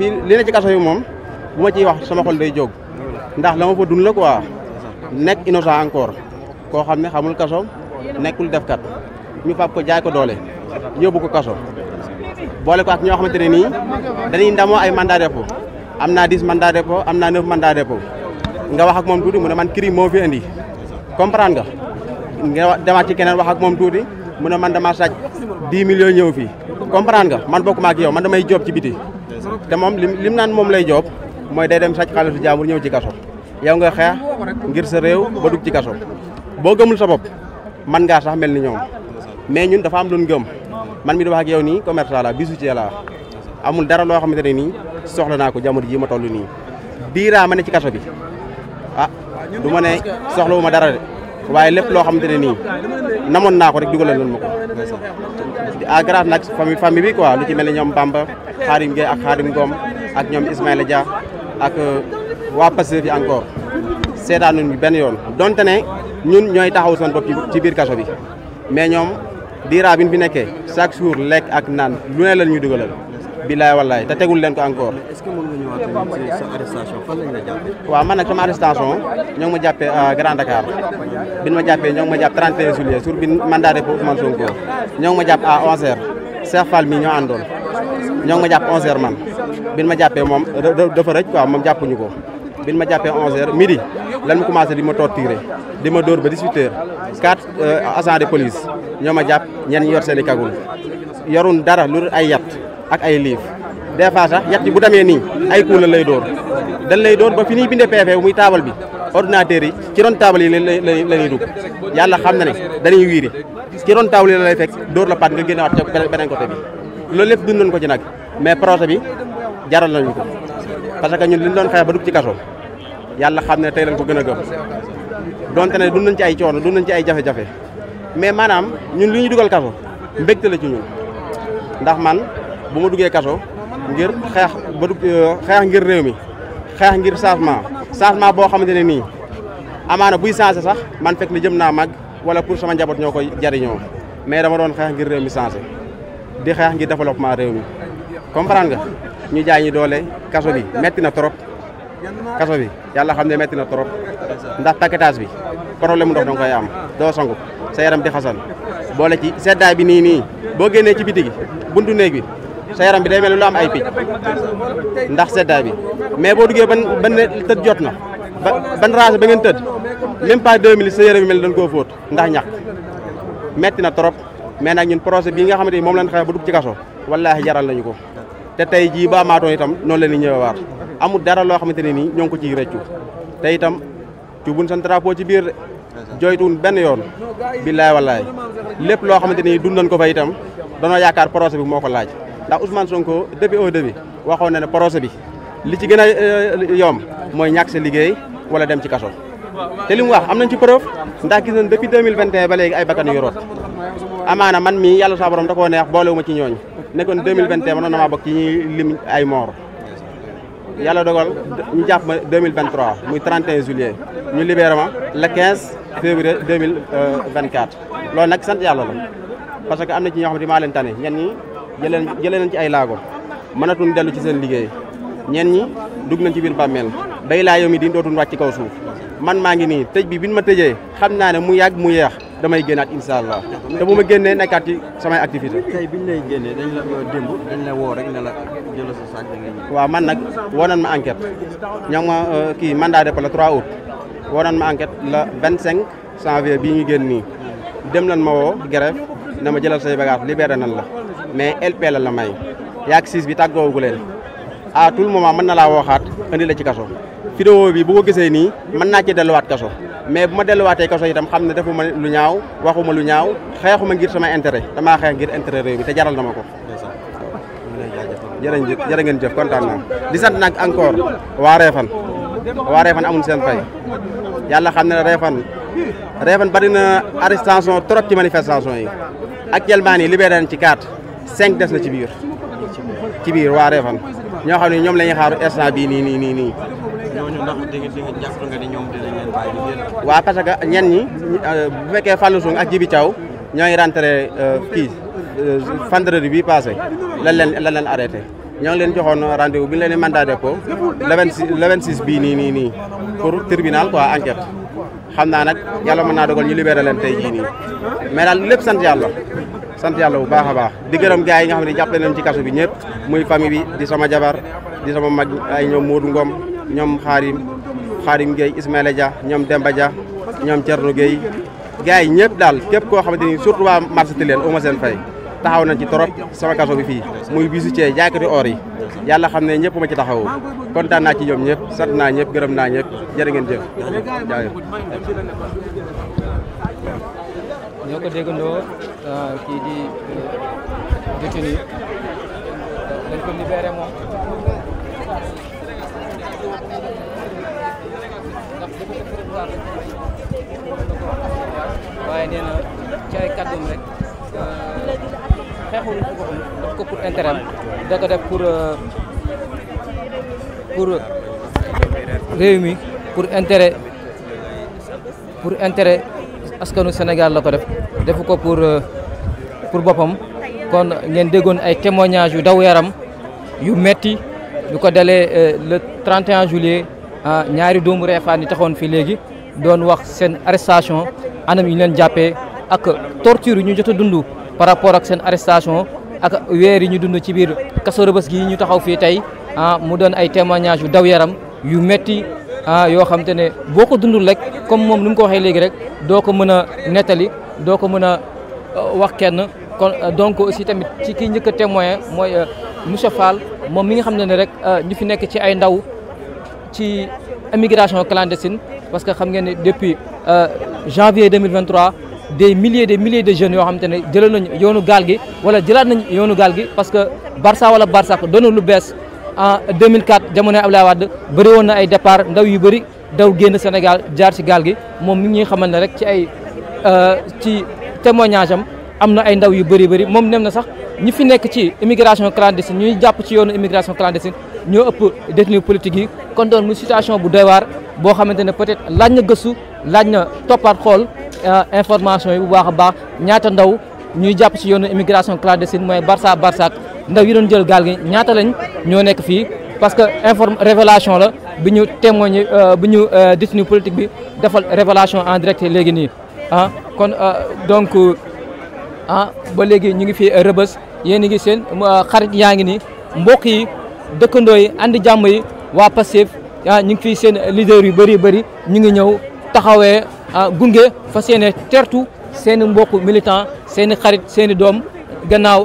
fii li ne ci yi moom bu ma ciy wax sama xol day jóg ndax la ma fa dund la quoi nekk innocent encore koo xam ne xamul kaso nekkul kat ñu fab ko jaay ko doole yóbbu ko kaso boole ko ak ñoo xamante ne nii dañuy ndamoo ay mandat dépôt am naa dix mandat dépôt am naa neuf mandat dépôt nga wax ak moom tuuti mu ne man crime moo fi indi comprendre nga nga demaat ci keneen wax ak moom tuuti mu ne man dama sàcc dix millions ñëw fii comprendre nga man bokkuma ak yow man damay job ci biti te moom lim lim naan moom lay joob mooy day dem sàcc xaalisu jaambur ñëw ci kaso yow nga xeex ngir sa réew ba dugg ci kaso boo gëmul sa bopp man ngaa sax mel ni ñoom mais ñun dafa am lu ñu man mi di wax ak yow nii commerçant la bisu ci la amul dara loo xamante ne nii soxla naa ko jamono ji ma toll nii diiraa ma ne ci kaso bi a ah, du ma ne soxlawuma dara de waaye lépp loo xamante ne nii namoon naa ko rek dugalal nañ ma ko à grâce nag famille famille bi quoi lu ci mel ni ñoom Bamba Xaadim Gueye ak Xaadim Ngom ak ñoom Ismaïla Dia ak euh, waa Pastef yi encore seetaan nañu benn yoon donte ne ñun ñooy taxaw seen bopp ci biir kaso bi mais ñoom diiraa bi fi nekkee chaque jour lekk ak naan lu ne la ñu dugalal bilaay wallaay te tegul leen ko encore. est-ce que mën nga man nag sama arrestation ñoo ngi ma jàppee euh, Grand Dakar bi ñu ma jàppee ñoo ngi ma jàpp 31 juillet jour bi mandat de dépôt Ousmane Sonko ma jàpp mi ñoo àndoon ñoo ngi ma jàpp 11h man bi ñu ma jàppee moom dafa rëcc quoi moom jàppuñu ko bi ñu ma jàppee 11h midi lan mu commencé di ma torturer di ma dóor ba 18h quatre euh, agents de police ñoo ma jàpp ñenn yor seen i kagul dara lu ay ak ay livres des fois sax yat yi bu demee nii ay coup la lay dóor dañ lay dóor ba fi ñuy bindee PV muy taabal bi ordinateur yi ci taabal yi la la ñuy yàlla xam na ne dañuy wiiri ci ron taabal yi la lay fekk dóor la pat nga génnewaat ca beneen côté bi loolu lépp dund nañ ko ci nag mais projet bi jaral nañu ko parce que ñun liñ doon xeex ba dugg ci kaso yàlla xam ne tey lañ ko gën a gëm donte ne dund nañ ci ay coono dund nañ ci ay jafe-jafe mais maanaam ñun li ñu dugal kaso la ci ñun bu ma duggee kaso ngir xeex ba euh, xeex ngir réew mi xeex ngir changement changement boo xamante ne nii amaana buy changé sax man fekk na jëm naa màgg wala pour sama njaboot ñoo koy jariñoo mais dama doon xeex ngir réew mi changé di xeex ngir développement réew mi comprendre nga ñu jaay ñi doole kaso bi metti na trop kaso bi yàlla xam ne metti na trop ndax paquetage bi problème mu ndox danga koy am doo sangu sa yaram di xasan boole ci seddaay bi nii nii boo génnee ci biti buntu néeg bi sa yaram bi day mel ni lu am ay picc ndax seddaay bi mais boo duggee ban ban tëdd jot na ba ban raase ba ngeen tëdd même pas deux minutes sa yaram bi mel ni dañ koo fóot ndax ñàkk metti na trop mais nag ñun projet bii nga xamante ni moom lañ xeex ba dugg ci kaso wallaahi jaral nañu ko te tey jii ba amaatoon itam noonu la ñuy ñëwee waat amul dara loo xamante ne nii ñoo ngi ko ciy rëccu te itam cubuñ san ci biir de benn yoon billaay wallaay lépp loo xamante ni dund nañ ko fa itam danoo yaakaar projet bi moo ko laaj ndax Ousmane Sonko depuis au début waxoon na ne projet bi li ci gën a euh, yomb mooy ñàkk sa liggéey wala dem ci kaso te li mu wax am nañ ci preuve ndax gis nañ depuis 2021 ba léegi ay bakkan yu root amaana man mii yàlla saa borom da koo neex boolewuma ci ñooñu nekkoon 2021 mënoon na maa bokk ci ñuy lim ay moor yàlla dogal ñu jàpp ma 2023 muy 31 juillet ñu libéré ma le 15 février 2024 euh, loolu nag sant yàlla la parce que am na ci ñoo jëlee jëlee nañ ci ay laago mënatuñ dellu ci seen liggéey ñenn ñi dugg nañ ci biir bàmmeel bay laa yow mi di dootuñ wàcc ci kaw suuf man maa ngi nii tëj bi bi ñu ma tëjee xam naa ne mu yàgg mu yeex damay génnaat incha allah te bu ma génnee nekkaat ci samay activité tey bi ñu lay génnee dañ la démb dañ la woo rek ne la jël sa saak waaw man nag woo nañ ma enquête ñoo euh, kii man de dépôt le 3 woo nañ ma enquête le 25 janvier bii ñu génn nii dem nañ ma woo grève na ma jëlal say bagage libéré nan la mais LP la la may yaag siis bi tàggoogu leen à tout le moment mën na laa waxaat indi la ci kaso vidéo bi bu ko gisee nii mën naa ci delluwaat kaso mais bu ma delluwaatee kaso itam xam ne ma lu ñaaw waxuma lu ñaaw xeexuma ngir sama intérêt damaa xeex ngir intérêt réew mi te jaral na ma ko jërëjëf jërë ngeen jëf kontaan naa di sant nag encore waa Réfane waa Réfane amul seen fay yàlla xam ne Réfane Réfane bari na arrestation trop ci manifestation yi actuellement cinq des na ci biir ci biir waa Réfane ñoo xam ne ñoom la ñuy xaar instant bii nii nii nii nii. ñooñu ndax dégg nga jàpp nga ni ñoom dinañ leen parce que ñenn ñi euh, bu fekkee Fallou Sow ak Jibi Thiaw ñooy rentré euh, kii euh, vendredi bi passé lan leen lan leen arrêté. ñoo ngi leen joxoon rendez-vous bi ñu leen di mandat de dépôt le 26 le bii nii nii nii pour tribunal quoi enquête xam naa nag yàlla mën naa dogal ñu libéré leen tey jii nii mais daal lépp sant yàlla. sant yàlla bu baax a baax di gërëm gars yi nga xam ne jàppale nañ ci kaso bi ñëpp muy famille bi di sama jabar di sama mag ay ñoom Modou Ngom ñoom Xaarim Xaarim Gueye Ismaïla Dia ñoom Demba Dia ñoom Thierno Gueye gars yi ñëpp daal képp koo xamante ni surtout waa marché Tilène uma seen fay taxaw nañ ci torop sama kaso bi fii muy bisu cee jaaykati or yi yàlla xam ne ñëpp ma ci taxaw kontaan naa ci ñoom ñëpp sant naa ñëpp gërëm naa ñëpp jërë ngeen jëf jaajëf Euh, kii di euh, détenu dañ waaye nee na ci rek euh, xeexul ko daf pour intérêt da ko def pour pour réew pour intérêt pour intérêt askanu Sénégal la ko def defu ko pour euh, pour boppam kon ngeen déggoon ay témoignages yu daw yaram yu metti lu ko dalee euh, le 31 a ah, ñaari doomu Refane yi taxoon fii léegi doon wax seen arrestation anam yu leen jàppee ak torture yu ñu jot a dund par rapport ak seen arrestation ak weer yi ñu dund ci biir kaso Rebeuss gi ñu taxaw fii tey ah mu doon ay témoignages yu daw yaram yu metti ah yoo xam te ne boo ko dundul rek comme moom ni mu ko waxee léegi rek doo ko mën a nettali doo ko mën a euh, wax kenn kon euh, donc aussi tamit ci kii njëkk a moyen mooy euh, monsieur Fall moom mi nga xam ne ne rek ñu fi nekk ci ay ndaw ci immigration clandestine parce que xam ngeen ne depuis janvier 2023 des milliers des milliers de jeunes yoo xam te ne jëlee nañ yoonu gaal gi wala jëlaat nañ yoonu gaal gi parce que Barça wala Barça ko doon lu bees en 2004 jamonoy Abdoulaye Wade bëri woon na ay départ ndaw yu bëri daw génn Sénégal jaar ci gaal gi moom mi ngi xamal ne rek ci ay euh, ci témoignage am am na ay ndaw yu bëri bari moom nem na sax ñi fi nekk ci immigration clandestine ñuy jàpp ci yoonu immigration clandestine ñoo ëpp détenu politique yi kon doon mu situation bu doy waar boo xamante ne peut-être laaj na gëstu laaj na toppaat xool euh, information yi bu baax a baax ñaata ndaw ñuy jàpp ci yoonu immigration clandestine mooy Barça Barça ndaw yi doon jël gaal gi ñaata lañ ñoo nekk fii parce que informe révélation la bi ñu témoigné euh, bi ñu euh, détenu politique bi defal révélation en direct léegi nii ah kon euh, donc ah ba léegi ñu ngi fi rëbës yéen a ngi seen xarit yaa ngi nii mbokk yi dëkkandoo yi andi jàmm yi waa Pastef ah ñu ngi fi seen leader yu bëri bëri ñu ngi ñëw taxawee ah, gunge fa seen i tertu seen i mbokk militant seen i xarit seen i doom gannaaw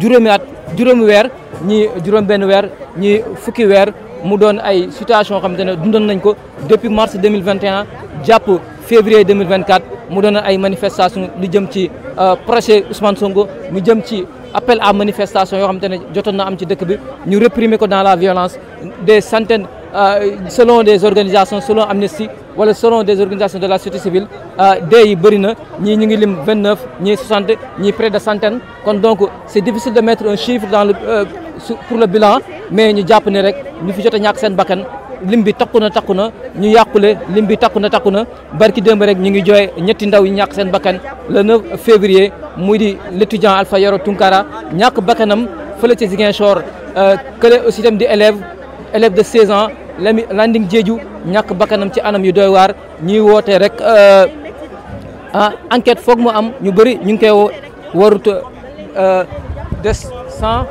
juróomi at juróomi weer. ñi juróom benn weer ñi fukki weer mu doon ay situation xam ne dundoon nañ ko depuis mars 2021 jàpp février 2024 mu doon ay manifestation lu jëm ci euh, procès Ousmane Sonko mu jëm ci appel à manifestation yoo xam te ne jotoon na am ci dëkk bi ñu réprimer ko dans la violence des centaines Euh, selon des organisations selon Amnesty wala selon des organisations de la société civile euh, dee yi bëri na ñii ñu ngi lim vingt neuf ñii soixante ñii près de centaine kon donc c' est difficile de mettre un chiffre dans le euh, pour le bilan mais ñu jàpp ne rek ñu fi jot a ñàkk seen bakkan lim bi takku na takku na ñu yàqule lim bi takku na takku na barki démb rek ñu ngi jooy ñetti ndaw yi ñàkk seen bakkan le 9 février muy di l' étudiant Alpha Yoro Tunkara ñàkk bakkanam fële ca Ziguinchor kële aussi dem di élève élève de saison ans Lami Landing Diédhiou ñàkk bakkanam ci anam yu doy waar ñuy woote rek euh, ah enquête foog mu am ñu bëri ñu ngi koy warut euh, des sans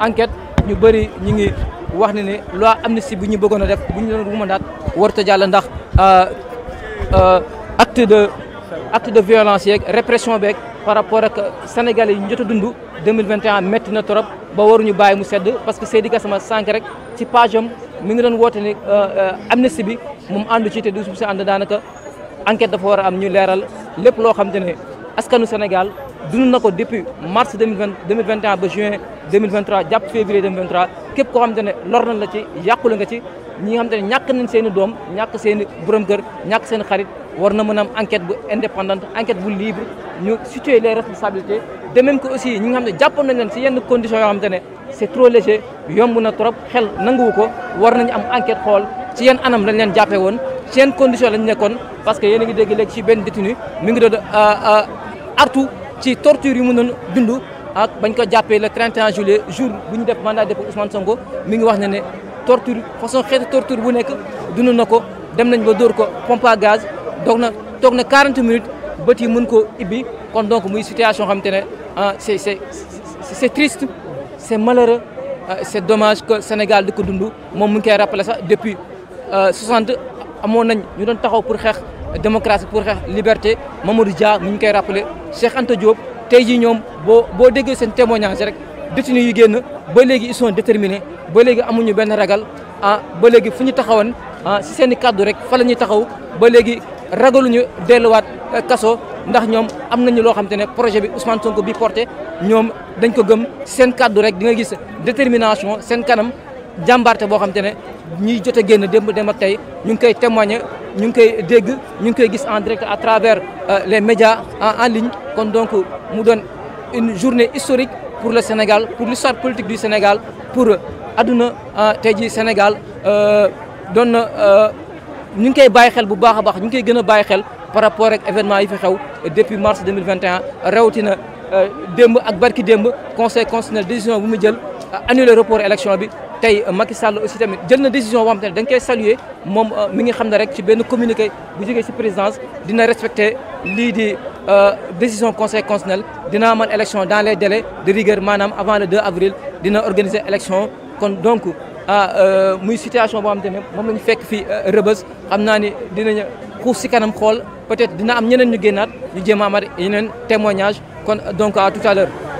enquête ñu bëri ñu ngi wax ne ne loi amnistie bu ñu bëggoon a def bu ñu doon rumandaat warut a jàll ndax euh, acte de acte de violence yeeg répression beeg. par rapport ak sénégalais yi ñu jot a dund 2021 métti na trop ba waruñu bàyyi mu sedd parce que Seydi Gassama sànq rek ci page am mi ngi doon woote ne euh, euh, amnistie bi moom àndu ci te du si ànd daanaka enquête dafa war a am ñu leeral lépp loo xam te ne askanu Sénégal dund na ko depuis mars deux mille vingt deux mille vingt et un ba juin deux mille vingt képp koo xamante ne lor nañ la ci yàqule nga ci ñi nga xamante ne nañ seen doom ñàkk seen i borom kër ñàkk seen xarit war na mën am enquête bu indépendante enquête bu libre ñu situer les responsabilités de même que aussi ñi nga xam ne jàppoon nañ leen si yenn conditions yoo xamante ne c' est trop léger yomb na trop xel nanguwu ko war nañ am enquête xool ci yenn anam lañ leen jàppee woon ci yenn condition lañ nekkoon parce que yéen ngi dégg léegi ci benn détenu mi ngi doon euh, euh, ci torture yi mu doon dundu ak bañ ko jàppee le 31 juillet jour bu ñu def mandat dépôt Ousmane Sonko mi ngi wax ne ne torture façon xeetu torture bu nekk dund na ko dem nañ ba dóor ko pompe à gaz doog na toog na 40 minutes bët yi mën koo ibbi kon donc muy situation xam te ne ah c'est c'est c'est triste c'est malheureux ah, c'est domage que Sénégal di ko dund moom mu ngi koy rappelé sax depuis 60 euh, amoon nañ ñu doon taxaw pour xeex démocratie pour xeex liberté Mamadou Dia mu ñu koy rappelé Cheikh Anta Diop tey jii ñoom boo boo déggee seen témoignage rek détenu yu génn ba léegi ils sont ba léegi amuñu benn ragal ah ba léegi fu ñu taxawoon ah si seen i kàddu rek fa la ñuy taxaw ba léegi ragaluñu delluwaat eh, kaso ndax ñoom am nañu loo xam te ne projet bi Ousmane Sonko bi porté ñoom dañ ko gëm seen kàddu rek di nga gis détermination seen kanam jàmbaarte boo xam te ne ñiy jot a génn démb dem ak tey ñu ngi koy témoigner ñu ngi koy dégg ñu ngi koy gis en direct à travers euh, les médias en ligne kon donc mu doon une journée historique pour le Sénégal pour l'histoire politique du Sénégal pour adduna euh, tey jii Sénégal euh, doon na ñu ngi koy bàyyi xel bu baax a baax ñu ngi koy gën a bàyyi xel par rapport ak événement yi fi xew depuis mars 2021 rawatina démb ak barki démb conseil constitutionnel décision bu mu jël annuler report élection bi tey Macky Sall aussi tamit jël na décision boo xam te ne dañ koy saluer moom euh, mi ngi xam na rek ci benn communiqué bu jógee si présidence dina respecter lii di euh, décision conseil constitutionnel dina amal élection dans les délais de rigueur maanaam avant le 2 avril dina organiser élection kon donc ah euh, muy situation boo xam te ne moom la ñu fekk fii rëbës am naa ni dinañu xuus ci kanam xool peut-être dina am ñeneen ñu génnaat ñu jéem yeneen témoignage kon donc à tout à l'heure